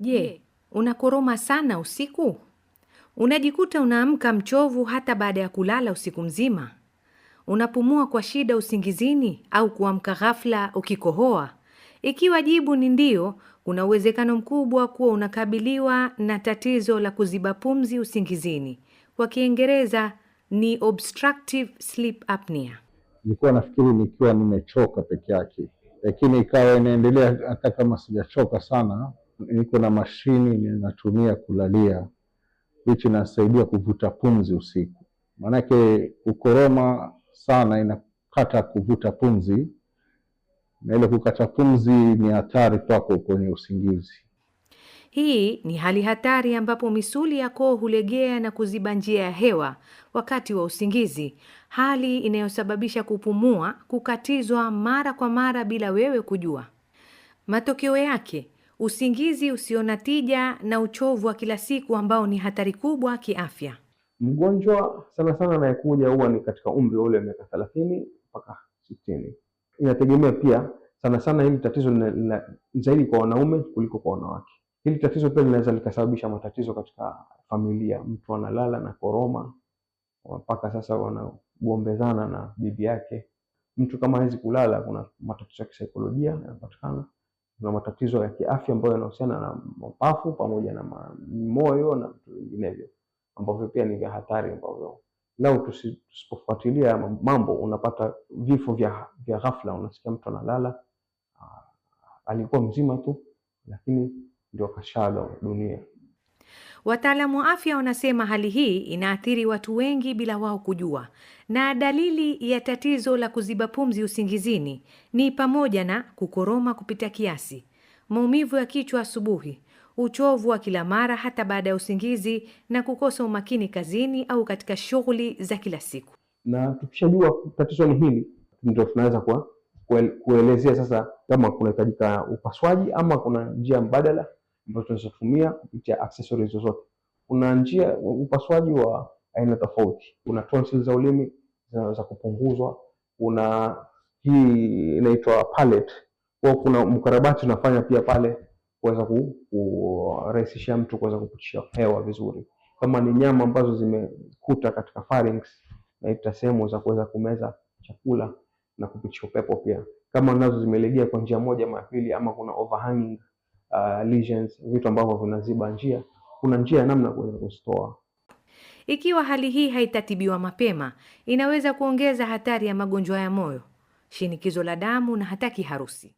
Je, unakoroma sana usiku? Unajikuta unaamka mchovu hata baada ya kulala usiku mzima? Unapumua kwa shida usingizini au kuamka ghafla ukikohoa? Ikiwa jibu ni ndio kuna uwezekano mkubwa kuwa unakabiliwa na tatizo la kuziba pumzi usingizini. Kwa Kiingereza ni obstructive sleep apnea. Nilikuwa nafikiri nikiwa nimechoka peke yake lakini ikawa inaendelea. Hata kama sijachoka sana, niko na mashini ninatumia kulalia, hichi inasaidia kuvuta pumzi usiku, maanake ukoroma sana inakata kuvuta pumzi, na ile kukata pumzi ni hatari kwako kwenye usingizi. Hii ni hali hatari ambapo misuli ya koo hulegea na kuziba njia ya hewa wakati wa usingizi, hali inayosababisha kupumua kukatizwa mara kwa mara bila wewe kujua. Matokeo yake usingizi usio na tija na uchovu wa kila siku ambao ni hatari kubwa kiafya. Mgonjwa sana sana anayekuja huwa ni katika umri wa miaka thelathini mpaka sitini. Inategemea pia sana sana, hili tatizo zaidi kwa wanaume kuliko kwa wanawake. Hili tatizo pia linaweza likasababisha matatizo katika familia. Mtu analala na koroma mpaka sasa wanagombezana na bibi yake. Mtu kama hawezi kulala, kuna matatizo ya kisaikolojia yanapatikana. Kuna matatizo ya kiafya ambayo yanahusiana na mapafu pamoja na moyo na vitu vinginevyo ambavyo pia ni vya hatari, ambavyo lau tusipofuatilia mambo unapata vifo vya, vya ghafla. Unasikia mtu analala, ah, alikuwa mzima tu lakini ndio kashada wa dunia. Wataalamu wa afya wanasema hali hii inaathiri watu wengi bila wao kujua, na dalili ya tatizo la kuziba pumzi usingizini ni pamoja na kukoroma kupita kiasi, maumivu ya kichwa asubuhi, uchovu wa kila mara hata baada ya usingizi, na kukosa umakini kazini au katika shughuli za kila siku. Na tukishajua tatizo ni hili, ndio tunaweza kuelezea sasa kama kunahitajika upasuaji ama kuna njia mbadala ambazo tunaweza kutumia kupitia accessories zozote. Kuna njia upasuaji wa aina tofauti. Kuna tonsils za ulimi zinaweza kupunguzwa, kuna hii inaitwa palate. Kwa kuna mkarabati unafanya pia pale kuweza kurahisisha ku, mtu kuweza kupitisha hewa vizuri. Kama ni nyama ambazo zimekuta katika pharynx, naita sehemu za kuweza kumeza chakula na kupitisha upepo pia. Kama nazo zimelegea kwa njia moja ama ama kuna overhanging uh, lesions, vitu ambavyo vinaziba njia, kuna njia ya namna kuweza kustoa. Ikiwa hali hii haitatibiwa mapema, inaweza kuongeza hatari ya magonjwa ya moyo, shinikizo la damu na hata kiharusi.